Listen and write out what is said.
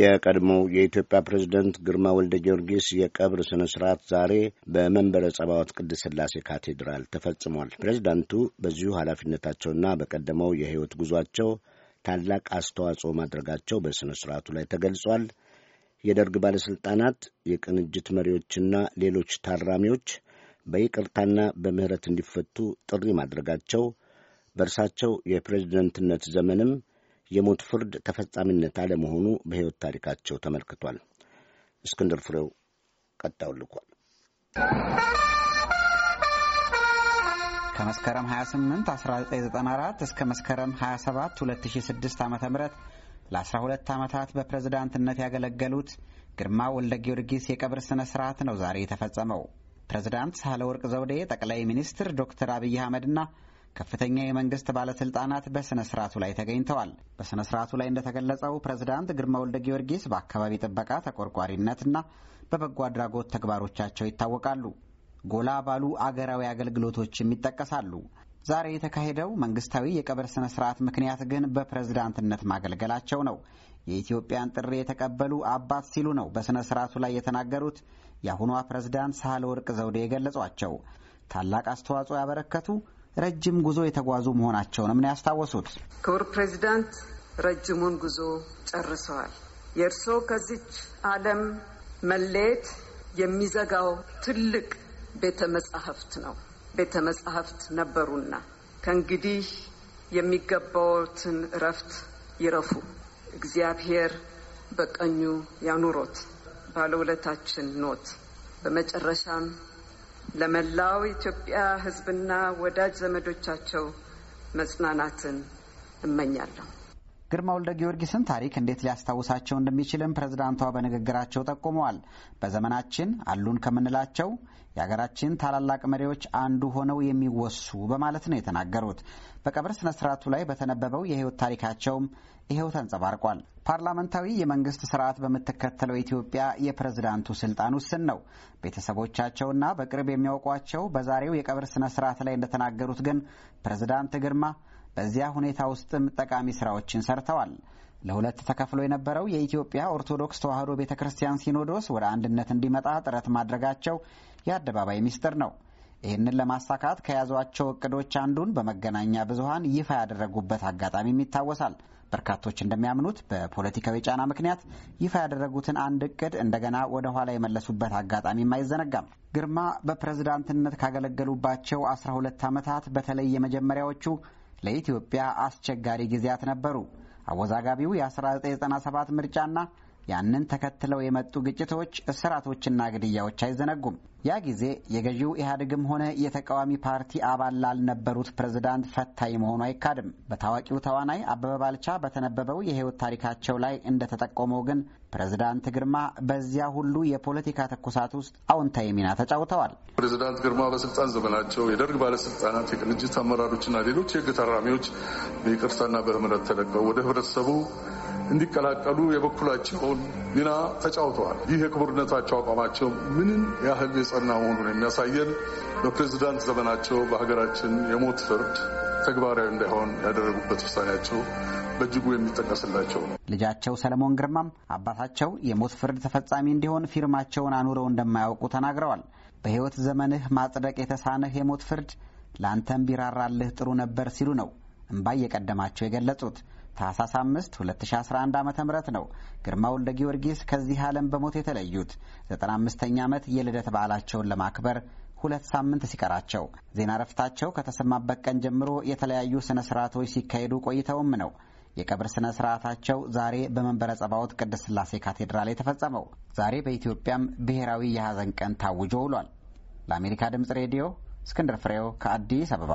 የቀድሞው የኢትዮጵያ ፕሬዝደንት ግርማ ወልደ ጊዮርጊስ የቀብር ስነ ስርዓት ዛሬ በመንበረ ጸባዖት ቅድስት ሥላሴ ካቴድራል ተፈጽሟል። ፕሬዝዳንቱ በዚሁ ኃላፊነታቸውና በቀደመው የሕይወት ጉዟቸው ታላቅ አስተዋጽኦ ማድረጋቸው በሥነ ሥርዓቱ ላይ ተገልጿል። የደርግ ባለሥልጣናት፣ የቅንጅት መሪዎችና ሌሎች ታራሚዎች በይቅርታና በምህረት እንዲፈቱ ጥሪ ማድረጋቸው በእርሳቸው የፕሬዝደንትነት ዘመንም የሞት ፍርድ ተፈጻሚነት አለመሆኑ በሕይወት ታሪካቸው ተመልክቷል። እስክንድር ፍሬው ቀጣው ልኳል። ከመስከረም 28 1994 እስከ መስከረም 27 2006 ዓ ም ለ12 ዓመታት በፕሬዝዳንትነት ያገለገሉት ግርማ ወልደ ጊዮርጊስ የቀብር ሥነ ሥርዓት ነው ዛሬ የተፈጸመው። ፕሬዝዳንት ወርቅ ዘውዴ፣ ጠቅላይ ሚኒስትር ዶክተር አብይ አህመድና ከፍተኛ የመንግስት ባለስልጣናት በሥነ ሥርዓቱ ላይ ተገኝተዋል። በሥነ ሥርዓቱ ላይ እንደተገለጸው ፕሬዝዳንት ግርማ ወልደ ጊዮርጊስ በአካባቢ ጥበቃ ተቆርቋሪነትና በበጎ አድራጎት ተግባሮቻቸው ይታወቃሉ። ጎላ ባሉ አገራዊ አገልግሎቶችም ይጠቀሳሉ። ዛሬ የተካሄደው መንግስታዊ የቀብር ሥነ ሥርዓት ምክንያት ግን በፕሬዝዳንትነት ማገልገላቸው ነው። የኢትዮጵያን ጥሪ የተቀበሉ አባት ሲሉ ነው በሥነ ሥርዓቱ ላይ የተናገሩት የአሁኗ ፕሬዝዳንት ሳህለ ወርቅ ዘውዴ የገለጿቸው ታላቅ አስተዋጽኦ ያበረከቱ ረጅም ጉዞ የተጓዙ መሆናቸውንም ነው ያስታወሱት። ክቡር ፕሬዚዳንት ረጅሙን ጉዞ ጨርሰዋል። የእርስዎ ከዚች ዓለም መለየት የሚዘጋው ትልቅ ቤተ መጻሕፍት ነው። ቤተ መጻሕፍት ነበሩና ከእንግዲህ የሚገባዎትን እረፍት ይረፉ። እግዚአብሔር በቀኙ ያኑሮት። ባለውለታችን ኖት። በመጨረሻም ለመላው ኢትዮጵያ ሕዝብና ወዳጅ ዘመዶቻቸው መጽናናትን እመኛለሁ። ግርማ ወልደ ጊዮርጊስን ታሪክ እንዴት ሊያስታውሳቸው እንደሚችልም ፕሬዝዳንቷ በንግግራቸው ጠቁመዋል። በዘመናችን አሉን ከምንላቸው የሀገራችን ታላላቅ መሪዎች አንዱ ሆነው የሚወሱ በማለት ነው የተናገሩት። በቀብር ስነ ስርዓቱ ላይ በተነበበው የህይወት ታሪካቸውም ይኸው ተንጸባርቋል። ፓርላመንታዊ የመንግስት ስርዓት በምትከተለው ኢትዮጵያ የፕሬዝዳንቱ ስልጣን ውስን ነው። ቤተሰቦቻቸውና በቅርብ የሚያውቋቸው በዛሬው የቀብር ስነ ስርዓት ላይ እንደተናገሩት ግን ፕሬዝዳንት ግርማ በዚያ ሁኔታ ውስጥም ጠቃሚ ስራዎችን ሰርተዋል። ለሁለት ተከፍሎ የነበረው የኢትዮጵያ ኦርቶዶክስ ተዋሕዶ ቤተ ክርስቲያን ሲኖዶስ ወደ አንድነት እንዲመጣ ጥረት ማድረጋቸው የአደባባይ ሚስጥር ነው። ይህንን ለማሳካት ከያዟቸው እቅዶች አንዱን በመገናኛ ብዙሀን ይፋ ያደረጉበት አጋጣሚም ይታወሳል። በርካቶች እንደሚያምኑት በፖለቲካዊ ጫና ምክንያት ይፋ ያደረጉትን አንድ እቅድ እንደገና ወደ ኋላ የመለሱበት አጋጣሚም አይዘነጋም። ግርማ በፕሬዝዳንትነት ካገለገሉባቸው አስራ ሁለት ዓመታት በተለይ የመጀመሪያዎቹ ለኢትዮጵያ አስቸጋሪ ጊዜያት ነበሩ። አወዛጋቢው የ1997 ምርጫና ያንን ተከትለው የመጡ ግጭቶች፣ እስራቶችና ግድያዎች አይዘነጉም። ያ ጊዜ የገዢው ኢህአዴግም ሆነ የተቃዋሚ ፓርቲ አባል ላልነበሩት ፕሬዝዳንት ፈታኝ መሆኑ አይካድም። በታዋቂው ተዋናይ አበበ ባልቻ በተነበበው የህይወት ታሪካቸው ላይ እንደተጠቆመው ግን ፕሬዝዳንት ግርማ በዚያ ሁሉ የፖለቲካ ተኩሳት ውስጥ አዎንታዊ ሚና ተጫውተዋል። ፕሬዝዳንት ግርማ በስልጣን ዘመናቸው የደርግ ባለስልጣናት፣ የቅንጅት አመራሮችና ሌሎች የህግ ታራሚዎች በይቅርታና በምህረት ተለቀው ወደ ህብረተሰቡ እንዲቀላቀሉ የበኩላቸውን ሚና ተጫውተዋል። ይህ የክቡርነታቸው አቋማቸው ምንም ያህል የጸና መሆኑን የሚያሳየን በፕሬዚዳንት ዘመናቸው በሀገራችን የሞት ፍርድ ተግባራዊ እንዳይሆን ያደረጉበት ውሳኔያቸው በእጅጉ የሚጠቀስላቸው ነው። ልጃቸው ሰለሞን ግርማም አባታቸው የሞት ፍርድ ተፈጻሚ እንዲሆን ፊርማቸውን አኑረው እንደማያውቁ ተናግረዋል። በሕይወት ዘመንህ ማጽደቅ የተሳነህ የሞት ፍርድ ለአንተም ቢራራልህ ጥሩ ነበር ሲሉ ነው እምባ እየቀደማቸው የገለጹት። ታህሳስ 5 2011 ዓ ም ነው ግርማ ወልደ ጊዮርጊስ ከዚህ ዓለም በሞት የተለዩት 95ኛ ዓመት የልደት በዓላቸውን ለማክበር ሁለት ሳምንት ሲቀራቸው ዜና እረፍታቸው ከተሰማበት ቀን ጀምሮ የተለያዩ ስነ ስርዓቶች ሲካሄዱ ቆይተውም ነው የቀብር ስነ ስርዓታቸው ዛሬ በመንበረ ጸባዖት ቅድስት ስላሴ ካቴድራል የተፈጸመው። ዛሬ በኢትዮጵያም ብሔራዊ የሐዘን ቀን ታውጆ ውሏል። ለአሜሪካ ድምፅ ሬዲዮ እስክንድር ፍሬው ከአዲስ አበባ